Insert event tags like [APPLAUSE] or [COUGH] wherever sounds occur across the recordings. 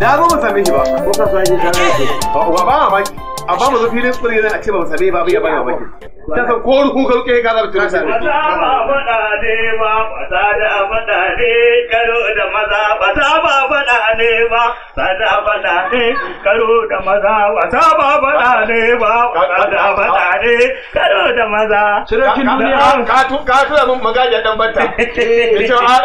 da zo mu same shi ba ko ka yake kana ba ba ma a ba mu zo filin tsuri a ce ba mu same ba bai ba ba ta san ko ruku ka ruke ka zaba tuni same ba ba da ne ba da ba da ne karo da maza ba ba faɗa ne ba sada faɗa ne karo da maza ne ba ne karo da maza shirakin duniya ah,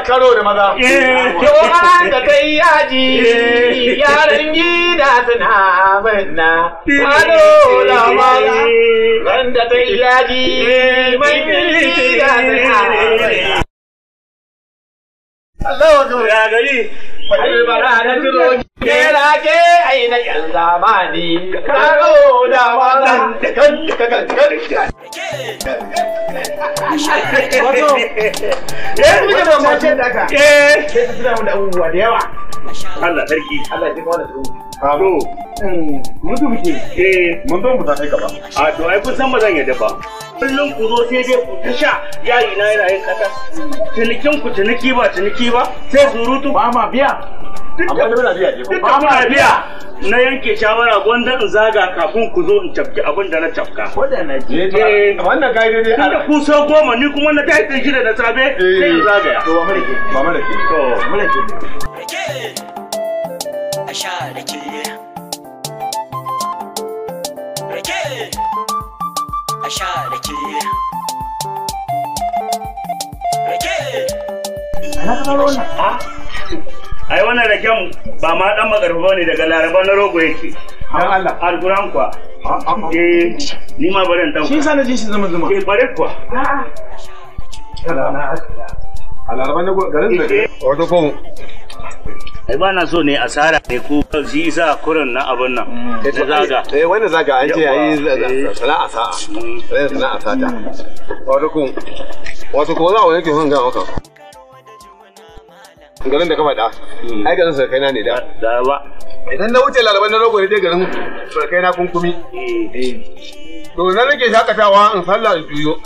karo da maza [LAUGHS] ah, kai yaji yaran gida suna banna karo da maza wanda kai yaji mai gida suna banna Allah gari Fadil na turo ke aina yan zamani Karo da wannan kan kan kan Wato, muke da mace Eh, ta da da yawa. Allah sarki. Allah ya kawo da su. ke. Eh, mun zo mu ta kai gaba. A to ai kun san ba zan yadda ba. kullum ku zo sai dai ku ta sha yayi na yana yin kasa cinikin ku ciniki ba ciniki ba sai surutu ba ma biya ba ma biya na yanke shawara gwanda in zaga kafin ku zo in tafki abin da na ba eh. wannan gaido ne tunda ku so goma ni kuma na tafi ɗin shida da safe eh. sai in zagaya to ba ke ba ke to mu ke a sha da ke sha rake rake ai wannan raken ba ma dan magarba ne daga laraba na rogo yake dan Allah kwa ah, ah, ah. eh ni ma bari dan shi sana ji shi zama zuma eh bare kwa a'a a laraba na garin da eh, eh. wato ko ai ba na so ne asara ne ko shi isa kurin na abun nan mm. ta zaga eh wani zaga an ce yayi eh. sana'a sa'a mm. sana'a sa'a wato kun wato ko za wani ke hanga haka garin da ka faɗa mm. ai garin kaina ne da da ba idan na wuce lalaban na rogo ne dai garin kaina kunkumi eh, eh. to na nake shakatawa in sallah in juyo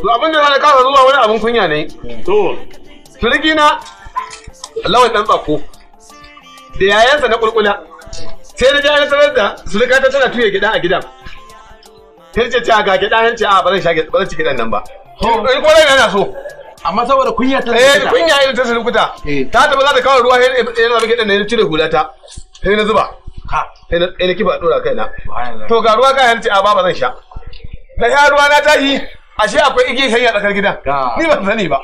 to abin da na kasa zuwa wani abin kunya ne to turki na lawan dan tsako da yayansa na kulkula sai na jihar sanar da sulika ta tana tuye gida a gidan sai ce ga gida nan ce a ba zan sha ba zan ci gidan nan ba in ko yana so amma saboda kunya ta eh kunya irin ta sulkuta eh. ta taba za ta kawo ruwa yana ba gidan nan ya cire hulata sai na zuba sai na sai na kifa dora kaina to ga ruwa ga ce a ba ba zan sha da ya ruwa na tashi ashe akwai igi igiyar ya tsakar gidan ni ban sani ba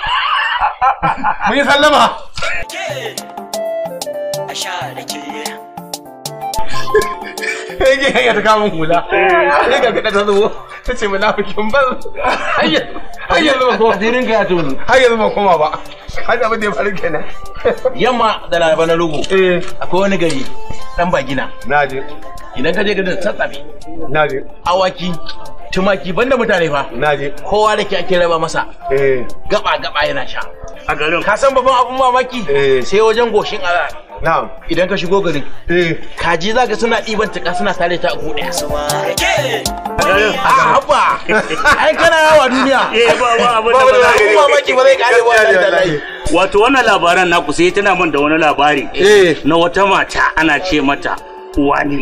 [LAUGHS] mun yi sallama a sha rake yake hanya ta kamun hula sai ga gada ta zo ta ce munafikin ba har yanzu ba koma zirin ka ya tuni har yanzu ba koma ba har abin da ya faru kenan yamma da laraba na lugu eh. akwai wani gari dan bagina na je idan ka je garin tsatsabe na je awaki tumaki banda mutane fa je kowa da ke ake raba masa eh. gaba gaba yana sha a garin ka san babban abun mamaki eh. sai wajen goshin ala na'am idan ka shigo gari eh kaji zaka suna ɗiban tuka suna tare ta a ku daya a haba ai kana yawa duniya eh ba ba abin da ba za ka mamaki ba zai wato wannan labaran na sai tana min da wani labari eh. na wata mata ana ce mata wani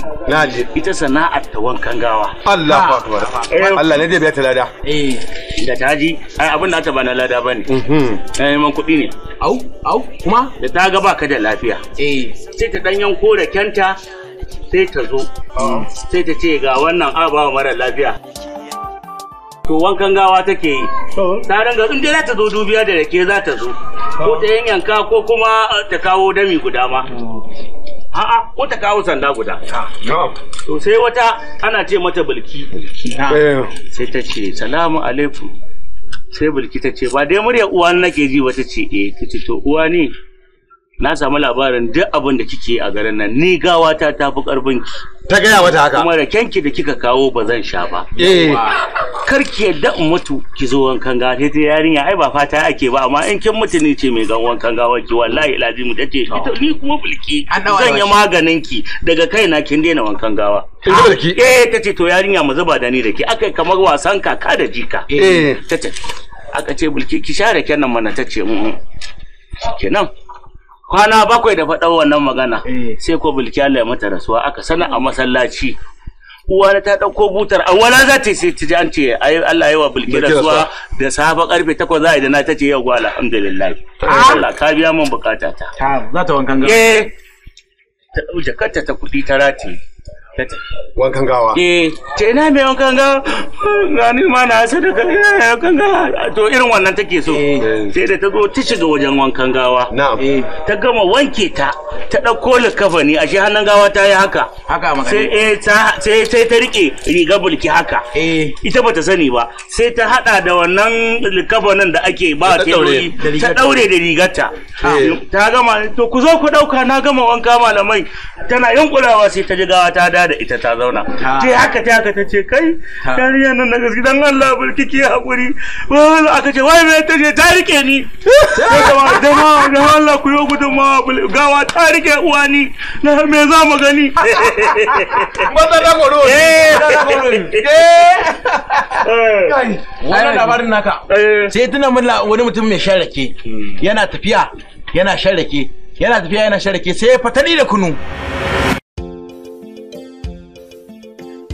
ita sana'ar ta wankan gawa Allah ah. eh. Allah ne da biya talada eh da taji ai abin ta ba na lada ba ne mhm. na neman kuɗi ne au au kuma da ta ga baka da lafiya eh sai ta dan yanko da kyanta sai ta zo oh. sai ta ce ga wannan a ba mara lafiya to wankan gawa take yi ta ranga in dai za ta zo dubiya da rake za ta zo ko ta yanka ko kuma eh, ta kawo dami guda ma oh. a'a ko ta kawo sanda guda to sai wata ana ce mata bulki eh. sai ta ce salamu alaikum sai bulki ta ce ba dai murya uwa nake ji wata ce eh kici to uwa ne na samu labarin duk abin da kike a garin nan ni gawa ta tafi karfin ki ta gaya mata haka kuma da kyanki da kika kawo ba zan sha ba eh. kar ki yadda in mutu ki zo wankan gawa sai ta yarinya ai ba fata ake ba amma in kin mutu ne ce mai gan wankan gawa ki wallahi lazimu mu ce ni kuma bulki zan yi maganin ki daga kaina kin daina wankan gawa ah, eh ta ce to yarinya mu zuba da ni da ki akai kamar wasan kaka da jika eh ta ce aka ce bulki ki share kenan mana ta ce kenan kwana bakwai da faɗan wannan magana eh. sai ko bilki ya mata rasuwa aka sana a masallaci uwana ta ɗauko butar an wala za ta ce an ce Allah ya wa bilki rasuwa da safa karfe takwas za a yi da na ta ce yau gwala alhamdulillah ah. Allah ka biya min bukata ta za ta wankan gaba eh ta ɗau jakarta ta kuɗi ta rataye wankan gawa eh ce ina mai wankan gawa ga ni ma na sai da eh, wankan gawa to irin wannan take so eh. sai da ta zo ta shiga wajen wankan gawa na'am eh, ta gama wanke ta ta dauko likafani shi hannun gawa ta yi haka haka sai eh sai sai ta rike riga bulki haka eh ita bata sani ba sai ta hada da wannan likafanin da ake ba ta ta daure da rigarta ta gama to ku zo ku dauka na gama wanka malamai tana yunkurawa sai ta ji gawa ta dada da ita ta zauna ta haka ta haka ta ce kai yarinyar nan na gaske dan Allah barki ki hakuri aka ce wai me ta ce ta rike ni jama'a jama'a Allah ku yi ma gawa ta rike uwa ni na me za mu gani [LAUGHS] maza da goro eh da goro [LAUGHS] eh, eh. wannan labarin naka eh. sai tuna mun wani mutum mai sharake. Hmm. yana tafiya yana sharake. yana tafiya yana sharake sai ya fatani da kunu